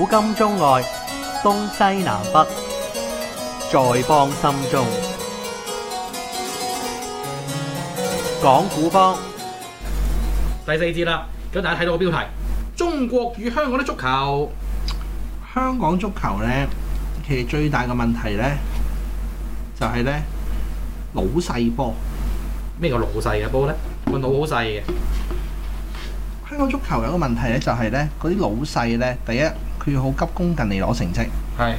古今中外，東西南北，在邦心中講故邦第四節啦。咁大家睇到個標題《中國與香港的足球》。香港足球呢，其實最大嘅問題呢，就係呢老細波。咩叫老細嘅波呢？個腦好細嘅。香港足球有個問題呢，就係、是、呢嗰啲老細呢。第一。佢要好急功近利攞成績，係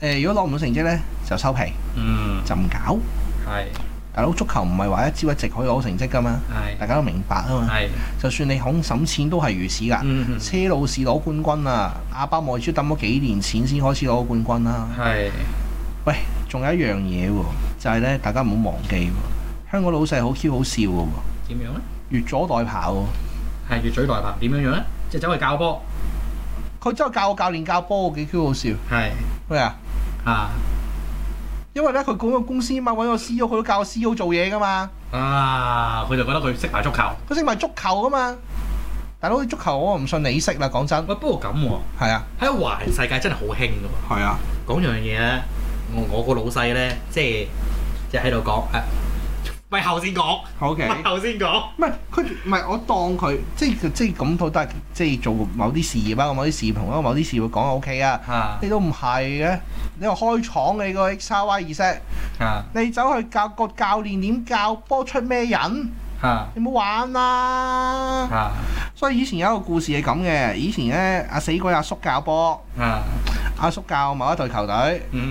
誒是。如果攞唔到成績呢，就收皮，嗯，就唔搞。係是大佬，足球唔係話一朝一夕可以攞成績噶嘛？係是大家都明白啊嘛。係是，就算你恐省錢都係如此㗎。嗯嗯，車路士攞冠軍啊，阿巴莫域揼咗幾年錢先開始攞冠軍啦、啊。係是喂，仲有一樣嘢喎，就係呢，大家唔好忘記，香港老細好 Q 好笑嘅喎。點樣咧？越俎代庖，係的越俎代庖，點樣樣呢？即、就、係、是、走去教波。佢真係教個教練教波，幾 Q 好笑。係咩是麼啊？O, 啊！因為咧，佢嗰個公司啊嘛，揾個 CEO 佢都教個 CEO 做嘢噶嘛。啊！佢就覺得佢識埋足球。佢識埋足球噶嘛？大佬足球我唔信你識啦，講真。喂，不過咁喎。係啊，喺、啊、華人世界真係好興噶喎。係啊，講樣嘢咧，我我個老細咧，即係即係喺度講誒。咪後先講，咪 Okay. 後先講，唔係佢唔係我當佢即係即係咁，都係即係做某啲事業，包括某啲事業同咯，某啲事業講 OK 啊？啊你都唔係嘅，你話開廠你個 X r Y Z 啊？你走去教個教練點教波出咩人啊？你冇玩啦啊！啊所以以前有一個故事係咁嘅，以前咧阿死鬼阿叔教波啊。阿叔教某一隊球隊，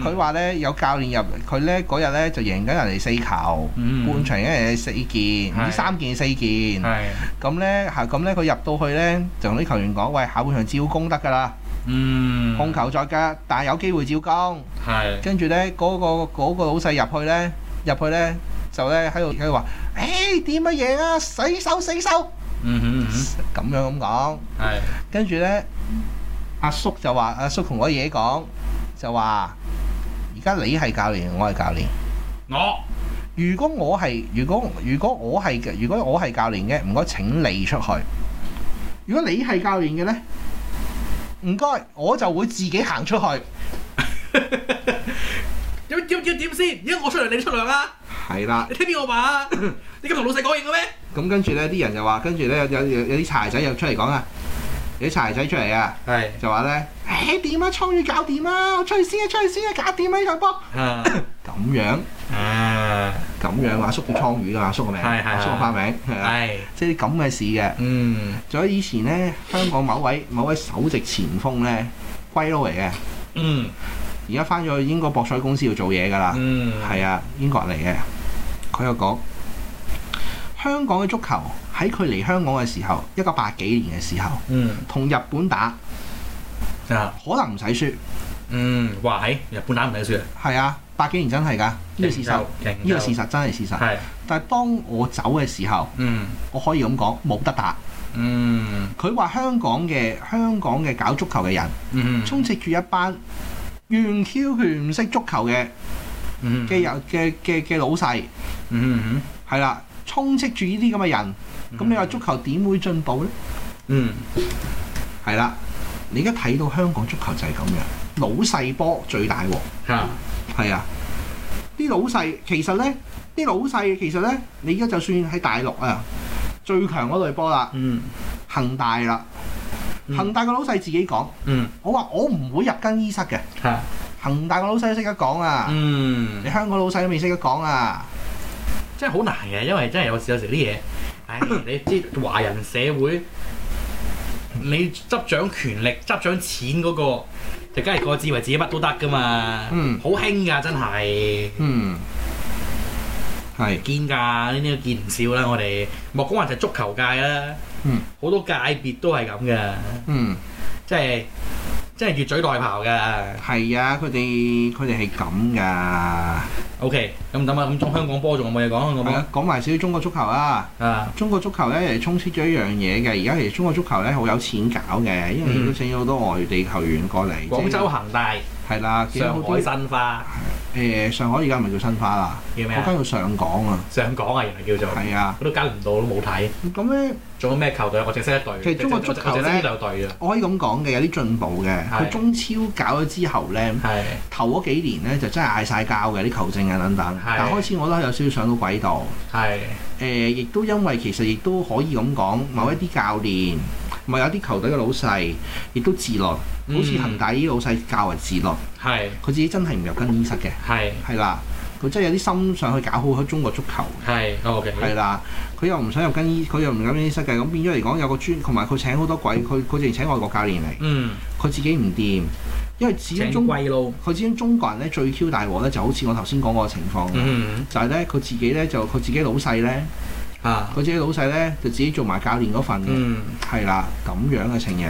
佢話咧有教練入，佢咧嗰日咧就贏緊人哋四球，半場已經係四件，唔知三件四件，咁咧係咁咧，佢入到去咧就同啲球員講：喂，下半場照攻得㗎啦，控球再加，但係有機會照攻。跟住咧嗰個嗰個老細入去咧入去咧就咧喺度喺度話：誒點樣贏啊？死守死守，嗯哼，咁樣咁講。跟住咧。阿叔就話：阿叔同我爺爺講，就話而家你係教練，我係教練。我如果我係如果如果我係嘅，如果我係教練嘅，唔該請你出去。如果你係教練嘅咧，唔該，我就會自己行出去。有咩點點點先？而家我出嚟？你出糧啦、啊。係啦的、啊，你聽邊個話？你而家同老細講嘢嘅咩？咁跟住咧，啲人就話，跟住咧有有有啲柴仔又出嚟講啊。啲柴仔出嚟是、哎、啊！係就話咧，誒點啊，倉魚搞掂啊！出去先啊，出去先啊，搞掂啊呢場波。啊，咁樣是啊，咁樣阿叔叫倉魚噶嘛，阿叔個名，阿叔個花名，係是即係啲咁嘅事嘅。嗯，仲有以前咧，香港某位某位首席前鋒咧，龜佬嚟嘅。嗯，而家翻咗去英國博彩公司要做嘢噶啦。嗯，係啊，英國嚟嘅。佢又講香港嘅足球，喺佢嚟香港嘅時候，一九八幾年嘅時候，嗯，同日本打，啊，可能唔使輸，嗯、mm.，話喺日本打唔使輸，係啊，八幾年真係㗎，呢個事實，呢個事實真係事實。係、嗯，但係當我走嘅時候，嗯，mm. 我可以咁講，冇得打。嗯，佢話香港嘅香港嘅搞足球嘅人，嗯，充斥住一班完全唔識足球嘅，嘅嘅嘅嘅老細，嗯哼、mm，係、hmm. 啦。充斥住呢啲咁嘅人，咁、嗯、你話足球點會進步呢？嗯，係啦，你而家睇到香港足球就係咁樣，老細波最大喎。嚇、嗯，係啊，啲老細其實呢，啲老細其實呢，你而家就算喺大陸啊，最強嗰隊波啦，嗯，恒大啦，嗯、恒大個老細自己講，嗯，我話我唔會入更衣室嘅，嗯、恒大個老細識得講啊，嗯，你香港老細都未識得講啊。真係好難嘅，因為真係有時有時啲嘢，誒、 哎，你知華人社會，你執掌權力、執掌錢嗰、那個，就梗係各自為自己乜都得噶嘛，嗯，好興噶，真係，嗯，係堅㗎，呢啲是都見唔少啦，我哋莫講話就足球界啦，嗯，好多界別都係咁噶，嗯，即係、嗯。即係越嘴代跑嘅，係啊！佢哋佢哋係咁噶。OK，咁等等啊，咁講香港波仲有冇嘢講咁啊，講埋少少中國足球啊！啊，中國足球咧係充斥咗一樣嘢嘅。而家其實中國足球咧好有錢搞嘅，因為都請咗好多外地球員過嚟。嗯、即係廣州恒大。係啦，上海申花。誒，上海而家唔係叫申花啦，我間叫上港啊。上港啊，原來叫做。係啊，我都搞唔到都冇睇。咁咧，做過咩球隊？我淨識一隊。其實中國足球咧，我可以咁講嘅，有啲進步嘅。佢中超搞咗之後咧，頭嗰幾年咧就真係嗌晒交嘅啲球證啊等等。但係開始我都覺得有少少上到軌道。係。誒，亦都因為其實亦都可以咁講，某一啲教練。同埋有啲球隊嘅老細亦都自律，嗯、好似恒大依啲老細較為自律，係佢是自己真係唔入更衣室嘅，係係啦，佢真係有啲心想去搞好中國足球，係 o 啦，佢、okay，又唔想入更衣，佢又唔入更衣室嘅，咁變咗嚟講有個專，同埋佢請好多鬼，佢佢淨請外國教練嚟，嗯，佢自己唔掂，因為始終中，佢始終中國人咧最 Q 大鑊咧就好似我頭先講嗰個情況，嗯、就係咧佢自己咧就佢自己老細咧。啊！佢自己老細咧，就自己做埋教練嗰份嘅，係啦咁樣嘅情形。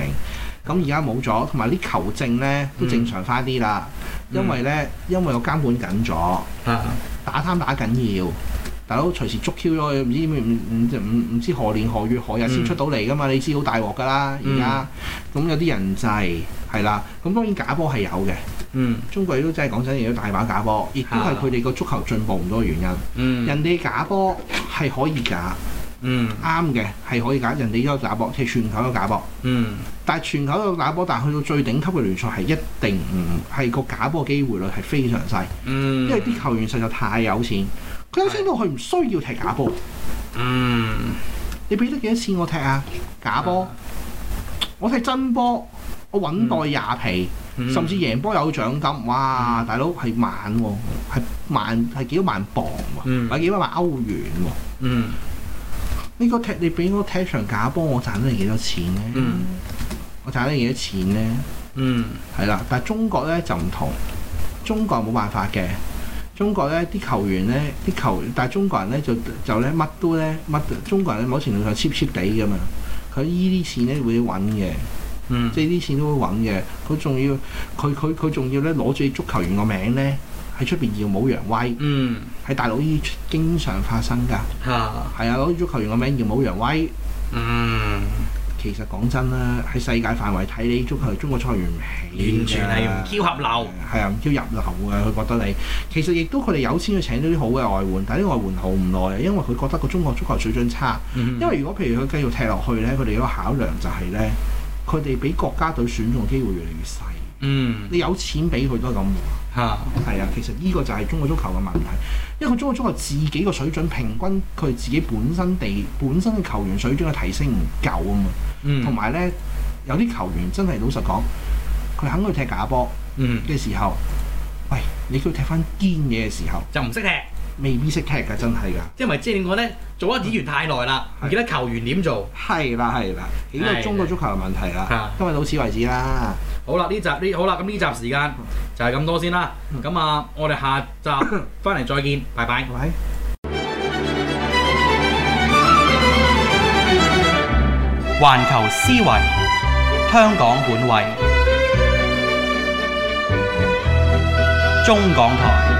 咁而家冇咗，同埋啲球證咧都正常翻啲啦。嗯、因為咧，因為個監管緊咗，啊、打貪打緊要大佬隨時捉 Q 咗佢，唔知唔唔唔唔知何年何月何日先出到嚟噶嘛？嗯、你知好大鑊噶啦。而家咁有啲人制係，啦，咁當然假波係有嘅。嗯，中國真都真係講真，亦都大把假波，亦都係佢哋個足球進步唔多原因。嗯，人哋假波係可以假，嗯，啱嘅係可以假。人哋有假波，踢全、嗯、全球有假波。嗯，但係全球有假波，但係去到最頂級嘅聯賽係一定唔係個假波嘅機會率係非常細。嗯，因為啲球員實在太有錢，佢首先到佢唔需要踢假波。嗯，你俾得幾多錢我踢啊？假波，嗯、我踢真波，我揾袋廿皮。嗯甚至贏波有獎金，哇！嗯、大佬係萬喎，係萬係幾多萬磅喎，買、嗯、幾多萬歐元喎？嗯，呢、這個、個踢你俾我踢場假波，我賺咗你幾多錢咧？嗯，我賺咗你幾多錢咧？嗯，係啦，但係中國咧就唔同，中國冇辦法嘅。中國咧啲球員咧啲球員，但係中國人咧就就咧乜都咧乜，中國人咧某程度上 cheap，cheap 地嘅嘛，佢依啲錢咧會揾嘅。嗯、即係啲錢都會穩嘅。佢仲要佢佢佢仲要咧攞住足球員個名咧喺出邊耀武揚威。嗯，喺大陸呢啲經,經常發生㗎。嚇係啊，攞住足球員個名耀武揚威。嗯，其實講真啦，喺世界範圍睇你足球中國賽員完全係唔挑合流。係啊，唔挑入流嘅。佢覺得你其實亦都佢哋有錢去請到啲好嘅外援，但係啲外援好唔耐啊，因為佢覺得個中國足球水準差。嗯、因為如果譬如佢繼續踢落去咧，佢哋要考量就係咧。佢哋俾國家隊選中嘅機會越嚟越細。嗯，你有錢俾佢都係咁啊。嚇，係啊，其實呢個就係中國足球嘅問題，因為中國足球自己個水準平均，佢自己本身地本身嘅球員水準嘅提升唔夠啊嘛。同埋、嗯、呢，有啲球員真係老實講，佢肯去踢假波。嗯嘅時候，喂、嗯、哎，你叫佢踢翻堅嘢嘅時候，就唔識踢。未必識踢噶，真係噶， 因為即係點講咧，做咗演員太耐啦，唔記得球員點做。係啦係啦，幾多中國足球嘅問題啦？今日到此為止啦。好啦，呢集呢好啦，咁呢集時間就係咁多先啦。咁啊，我哋下集翻嚟再見， 拜拜。喂。環球思維，香港本位， 中港台。